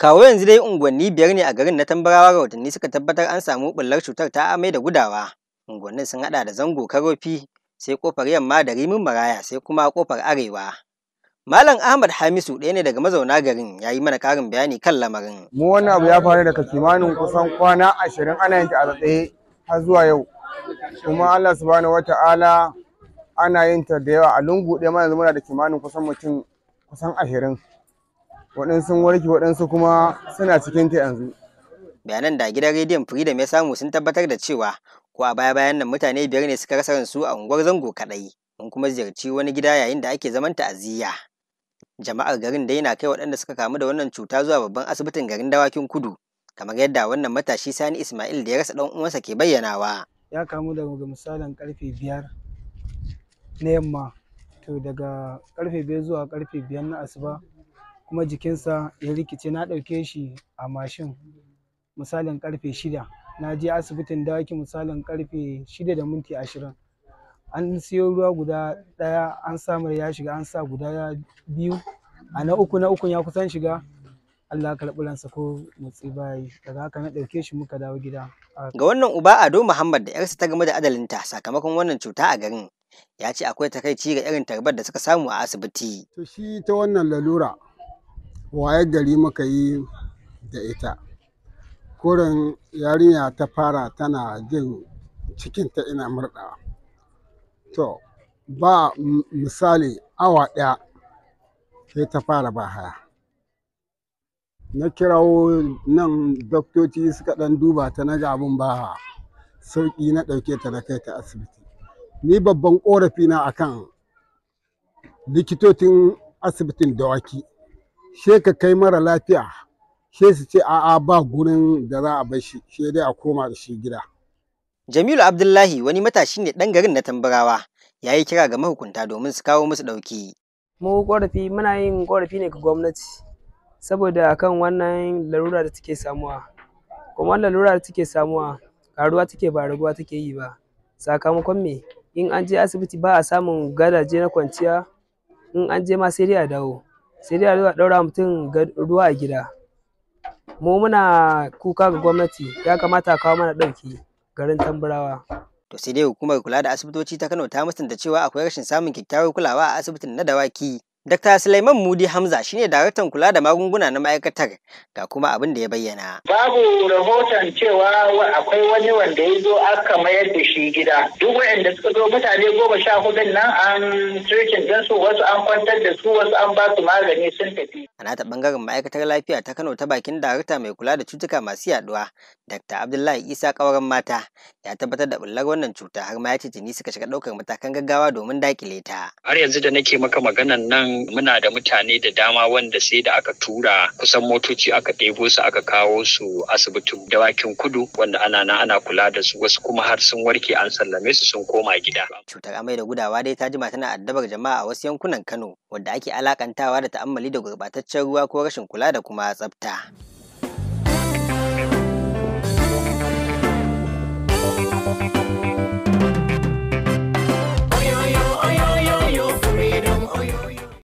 Kawo yanzu dai unguwanni biyar ne a garin na Tambarawa rahotanni suka tabbatar an samu bullar cutar ta amai da gudawa. Unguwannin sun haɗa da zango karofi sai kofar yamma da rimin maraya sai kuma kofar arewa. Malam Ahmad Hamisu ɗaya ne daga mazauna garin ya yi mana ƙarin bayani kan lamarin. Mu wannan abu ya faru daga kimanin kusan kwana ashirin ana yin a har zuwa yau. Kuma Allah subhanahu wata'ala ana yin ta da yawa a lungu ɗaya ma yanzu muna da kimanin kusan mutum kusan ashirin. waɗansu sun warke waɗansu kuma suna cikin ta yanzu bayanan da gidan rediyon freedom ya samu sun tabbatar da cewa ko a baya bayan nan mutane biyar ne suka rasa ransu a unguwar zango kaɗai mun kuma ziyarci wani gida yayin da ake zaman ta'aziyya jama'ar garin dai na kai waɗanda suka kamu da wannan cuta zuwa babban asibitin garin dawakin kudu kamar yadda wannan matashi sani ismail da ya rasa ɗan uwansa ke bayyanawa ya kamu da misalin karfe biyar na yamma to daga karfe biyar zuwa karfe biyar na asuba kuma jikinsa ya rikice na ɗauke shi a mashin misalin karfe shida na je asibitin dawaki misalin karfe shida da minti ashirin an siyo ruwa guda ɗaya an samar ya shiga an sa guda biyu a na uku na uku ya kusan shiga Allah karɓi ransa ko motsi bayi daga haka na ɗauke shi muka dawo gida. Ga wannan uba Ado Muhammad da ‘yarsa ta game da adalinta sakamakon wannan cuta a garin ya ce akwai takaici ga irin tarbar da suka samu a asibiti. To shi ta wannan lalura wayar gari muka yi da ita Koren yarinya ta fara tana jin cikinta ina murɗawa to ba misali awa ɗaya sai ta fara ba haya na kirawo nan doktoci suka ɗan duba ta na ga abin ba sauƙi na ɗauke ta na kai ta asibiti ni babban ƙorafi na akan likitocin asibitin dawaki she ka kai mara lafiya she su ce a'a ba gurin da za a bar shi she dai a koma da shi gida Jamilu Abdullahi wani matashi ne dan garin na Tambarawa ya yi kira ga mahukunta domin su kawo musu ɗauki. Mu ƙorafi muna yin ƙorafi ne ga gwamnati saboda akan wannan larura da take samuwa. Kuma wannan larura da take samuwa karuwa take ba raguwa take yi ba. Sakamakon me in an je asibiti ba a samun gadaje na kwanciya in an je ma sai dai a dawo. sai dai a zo a ɗaura mutum ruwa a gida mu muna kuka ga gwamnati ya kamata a kawo mana ɗauki garin tamburawa to sai dai hukumar kula da asibitoci ta kano ta musanta cewa akwai rashin samun kyakkyawar kulawa a asibitin na dawaki Dr. Suleiman Mudi Hamza shi ne daraktan kula da magunguna na ma'aikatar ga kuma abin da ya bayyana. Babu rahoton cewa akwai wani wanda ya zo aka mayar da shi gida. Duk waɗanda suka zo mutane goma sha hudun nan an tirkin ɗinsu wasu an kwantar da su wasu an ba su magani sun tafi. A nata bangaren ma'aikatar lafiya ta Kano ta bakin darakta mai kula da cutuka masu yaduwa. Dr. Abdullahi Isa Kawaran mata ya tabbatar da bullar wannan cuta har ma ya ce tuni suka shiga ɗaukar matakan gaggawa domin daƙile ta. Har yanzu da nake maka maganan nan muna da mutane da dama wanda sai da aka tura kusan motoci aka ɗebo su aka kawo su asibitin dawakin kudu wanda ana na ana kula da su wasu kuma har sun warke an sallame su sun koma gida. Cutar amai da gudawa dai ta jima tana addabar jama'a a wasu yankunan Kano wanda ake alakantawa da ta'ammali da gurbataccen ruwa ko rashin kula da kuma tsafta.